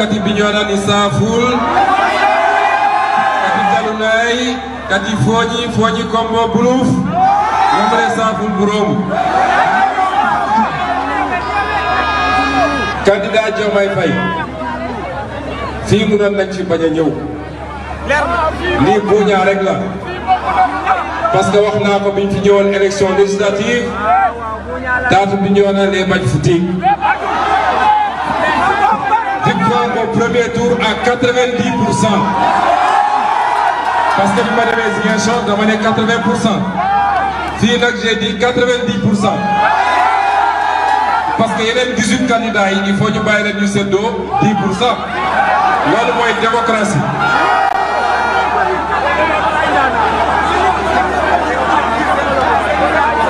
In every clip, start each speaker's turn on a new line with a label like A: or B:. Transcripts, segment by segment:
A: kati Bignona ni Saaful kati Jalunay kati Fooñi Fooñi Kombo Buluuf Ngomre Saaful Buróom candidat Diomaye Faye fii mënoon nañ ci bañ a ñëw
B: lii buuñaa rek la parce que
A: wax naa ko biñ fi ñëwoon élection législative
B: daatu bi ñuy na lee
A: bañ fu tiig premier tour à 90%. parce que bi est bien Ziguinchor de 80 c'est là que j'ai dit 90 parce qu'il y a même 18 candidats il faut que nous baillons 10 pour cent démocratie.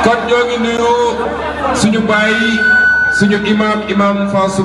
A: kon nous ngi suñu imam imam Fassou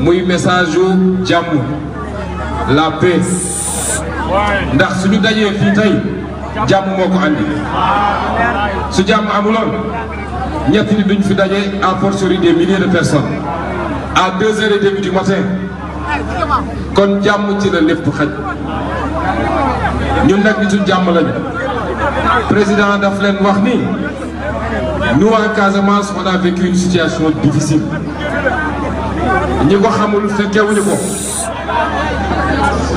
A: moy message yu la paix ndax suñu dajé fi tay jàmm moko andi su jàmm amuloon ñetti ni duñ fi dajé à fortiori des milliers de personnes à deux heures et du matin kon jàmm ci la lepp xaj ñun nag nitu jàmm lañu président daf leen wax ni nous en Casamance on a vécu une situation difficile. Nous ko xamul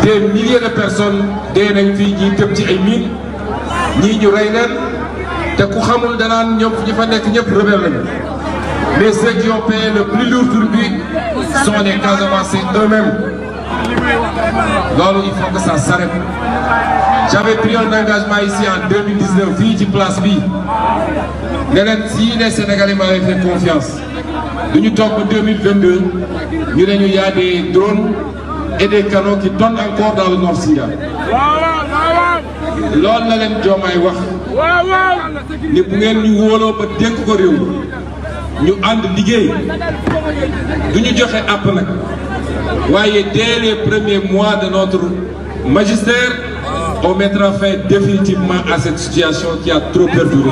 A: des milliers de personnes des filles qui ont été ci ay miin ñu mais ceux qui ont payé le plus lourd tribut sont les avancés eux-mêmes Donc il faut que ça s'arrête j'avais pris un engagement ici en 2019 vie du place bi Mais si les Sénégalais m'avaient fait confiance nous toog 2022 nous avons y a des drones et des canons qui tombent encore dans le Nord Sira
B: Nous la leen Diomaye wax
A: ni nous ngeen ñu Nous ba dénk ko Nous
B: ñu duñu dès
A: les premiers mois de notre magistère on mettra fin définitivement à cette situation qui a trop perduré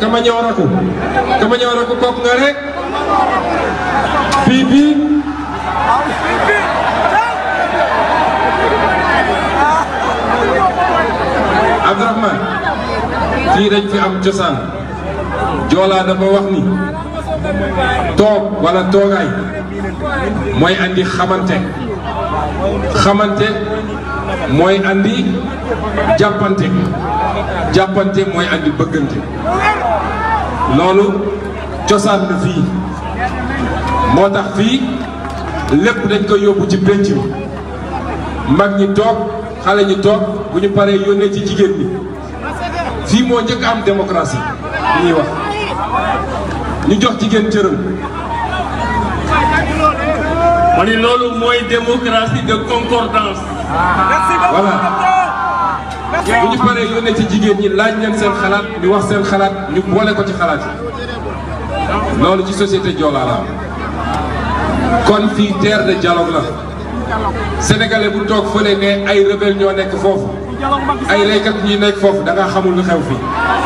A: kama ñëw raku kama ñëw raku kooku nga rek pipi Abdourahmane fii dañ am cosaan Joola dafa wax ni toog wala toogaay mooy andi xamante xamante mooy andi jàppante jàppante mooy andi bëggante loolu cosaan la fii moo tax fii lépp dañ ko yóbbu ci pénc mi mag ñi toog xale ñi toog bu ñu paree yónnee ci jigéen ñi fii moo njëkk am démocratie li ñuy wax ñu jox jigéen cëram ma ni loolu mooy démocratie de concordance. voilà bu ñu paree yónnee ci jigéen ñi laaj leen seen xalaat ñu wax seen xalaat ñu boole ko ci xalaat yi loolu ci société Joola la kon fii terre de la sénégalais bu toog fële ne ay rebelle ñoo nekk foofu ay laykat ñuy nekk foofu da nga xamul lu xew fii.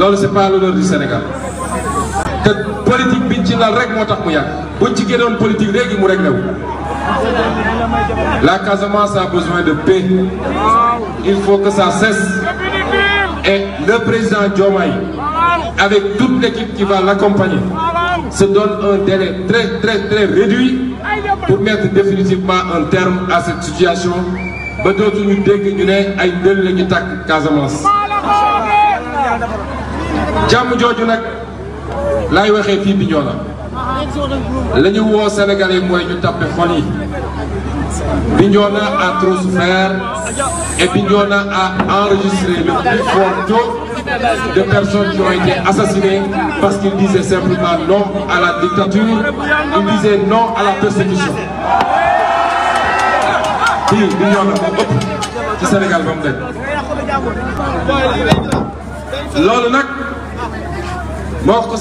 A: loolu c'est pas l'honneur du Sénégal La politique biñ ci lal rek moo tax mu yàgg ci politique léegi mu réglé la Casamance a besoin de paix il faut que ça cesse
B: et le président
A: Diomaye avec toute l'équipe qui va l'accompagner se donne un délai très très très réduit pour mettre définitivement un terme à cette situation ba d'autres nous ñu nous ay ndël la ñu tàkk Casamance jàmm jooju nak lay waxee fi Bignona lañu wo Sénégalais moy mooy ñu tàppe xol yi Bignona a trop et Bignona a enregistré le plus fort taux de personnes qui ont été assassinées parce qu'ils disaient simplement non à la dictature, ils disaient non à la persécution. fii Bignona moo ëpp ci Sénégal ba mu nekk Sénégal que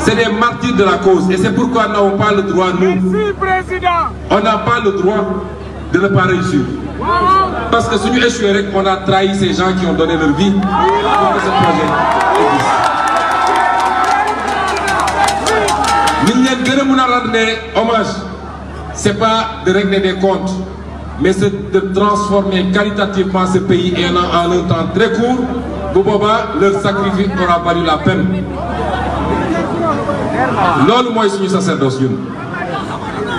A: c'est des martyrs de la cause et c'est pourquoi nous n'avons pas le droit nous on n'a pas le droit de ne pas réussir parce que si nous échouons, on a trahi ces gens qui ont donné leur vie pour ce projet existe. hommage. Ce n'est pas de régler des comptes, mais c'est de transformer qualitativement ce pays et en un temps très court. Bouboba, leur sacrifice aura valu la peine. je suis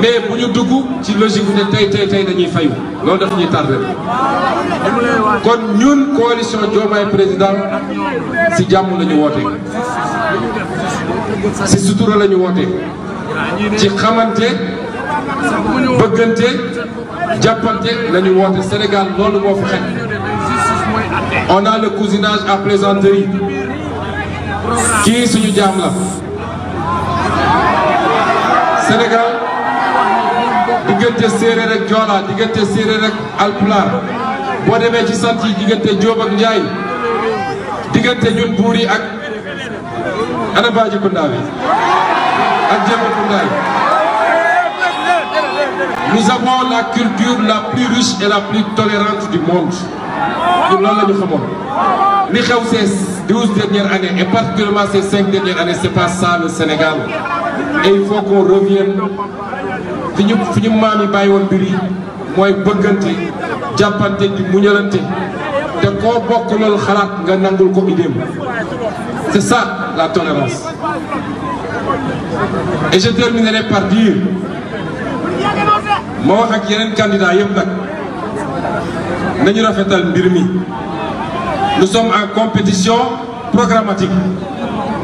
A: mais pour nous dugg ci logique bu ne tay tay tey dañuy fayu lo daf ñuy tardé kon ñun coalition jomay président
B: ci jamm lañu woté
A: ci sutura la ñu ci xamanté bëggante jappanté lañu woté Sénégal lolu mo fi on a le cousinage à plaisanterie kii suñu jaam la Sénégal diggante séeréer ak joola diggante séeréer ak alpulaar boo demee ci sant yi diggante Jóob ak Njaay diggante ñun buur ak ana Baaji Kounda bi ak Jéba Kounda nous avons la culture la plus riche et la plus tolérante du monde Nous loolu la Nous xamoon xew ces 12 dernières années et particulièrement ces 5 dernières années c'est pas ça le Sénégal et il faut qu'on revienne fini fini mami ñu maam yi bàyyi woon mbir yi mooy bëggante jàppante di muñalante bokk loolu xalaat nga nangul ko c'est ça la tolérance et je terminerai par dire moi wax ak yeneen candidat yëpp nag nañu rafetal mbir mi nous sommes en compétition programmatique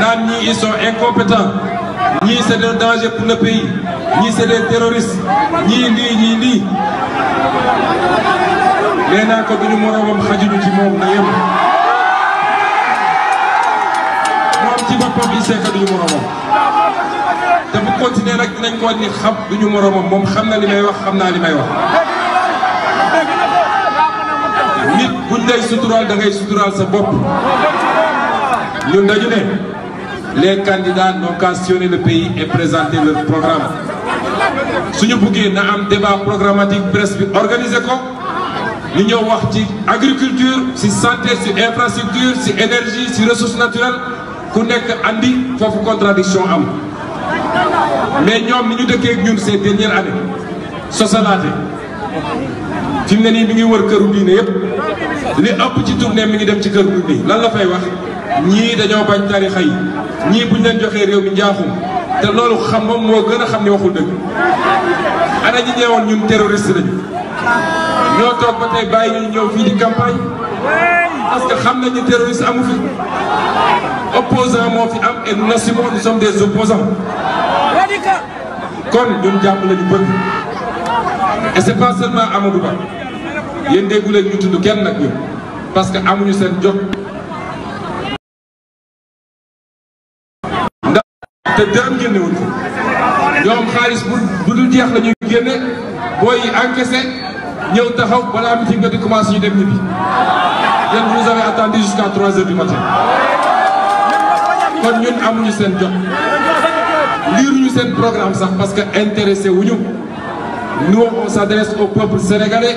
A: naan ñii ils sont incompétents ñii c'est un danger pour le pays ñii c'est des terroristes ñii lii ñii lii nee duñu moroomam xajuñu ci moom na yem moom ci boppam il sait duñu moroomam te bu continuer nag dinañ ko ni xam duñu moroomam moom xam na li may wax xam naa li may wax nit buñ lay suturaal da suturaal sa bopp Nous les candidats n'ont questionné le pays et présenté leur programme Nous pouvons na un débat programmatique presque organisé. nous ko agriculture ci santé ci infrastructure ci énergie ci ressources naturelles ku avons andi une contradiction am mais nous minute ñu dëkkee nous ñun ces dernières années fi mu ne nii mi ngi wër këru diine yëpp li ëpp ci tournée mi ngi dem ci kër guddi lan la fay wax ñii dañoo bañ tarixa yi ñii buñ leen joxee réew mi njaaxum te loolu xam moom moo gën a xam ni waxul dëgg ana ñi ñeewoon ñun terroriste lañu ñoo toog ba tey bàyyi ñu ñëw fii di campagne parce que xam nañu terroriste amu fi opposant moo fi am et nous assumons nous sommes des opposants kon ñun jàmm lañu bëgg et c'est pas seulement Amadou Ba yéen déggul ak ñu tuddu kenn nag ñun parce que amuñu seen jot ndax te dërëm génnewuñ ko ñoom xaalis bu bu dul jeex la ñuy génne booy yi encaissé ñëw taxaw balaa mi ci nga di commencé ñu dem ñibbi yéen vous avez attendu jusqu'à trois heures du matin kon ñun amuñu seen jot liiruñu seen programme sax parce que intéressé wuñu nous on s'adresse au peuple sénégalais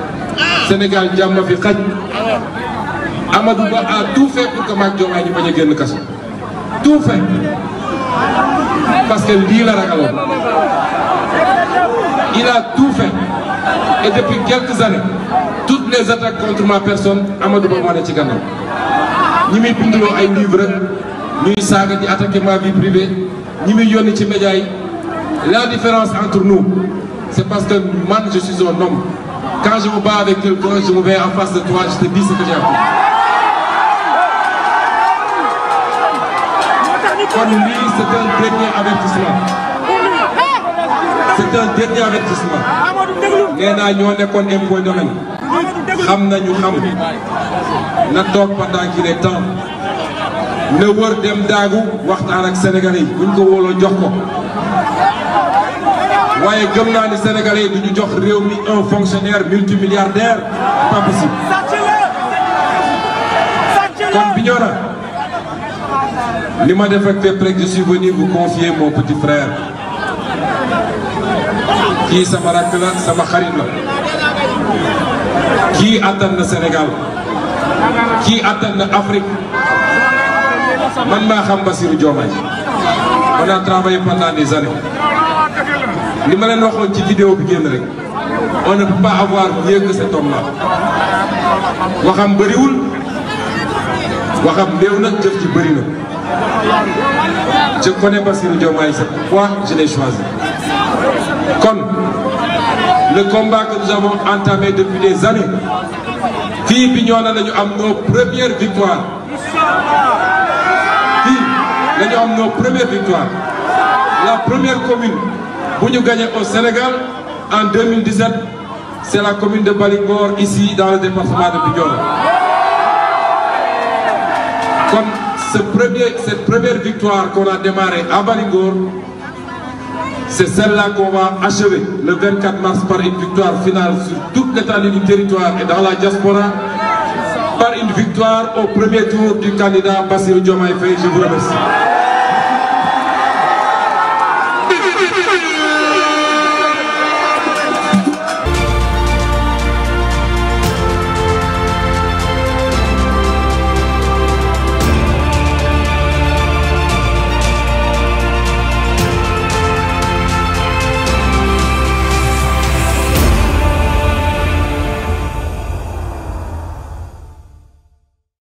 A: Sénégal jàmm fi xaj Amadou Ba a tout fait pour que Macky Diomaye ñu bañ génn tout fait parce que lui la il a tout fait et depuis quelques années toutes les attaques contre ma personne Amadou Ba ma ne ci gannaaw ñi muy ay livre ñuy saga di attaquer ma vie privée ñi muy ci média yi la différence entre nous c'est parce que moi, je suis un homme quand je vous parle avec quelqu'un, je reviens en face de toi, je te dis ce que j'ai appris. lui, c'est un dernier avertissement. C'est un dernier avertissement. pendant qu'il est temps. ne Sénégalais Voyez, comme là, les sénégalais nous un fonctionnaire multimilliardaire pas possible. je suis venu vous confier mon petit frère qui est rakk sama Qui atteint Sénégal qui attend l'Afrique? on a travaillé pendant des années on ne peut pas avoir mieux que cet homme-là Je ne waxam pas ce jëf ci je connais c'est pourquoi je l'ai choisi Comme le combat que nous avons entamé depuis des années Qui est la ñu nos premières victoires Qui nous avons am nos premières victoires la première commune pour gagné au Sénégal en 2017 c'est la commune de Balingor ici dans le département de Bignona cette première victoire qu'on a démarrée à Balingor c'est celle-là qu'on va achever le 24 mars par une victoire finale sur toute l'étendue du territoire et dans la diaspora par une victoire au premier tour du candidat bassé Diomaye je vous remercie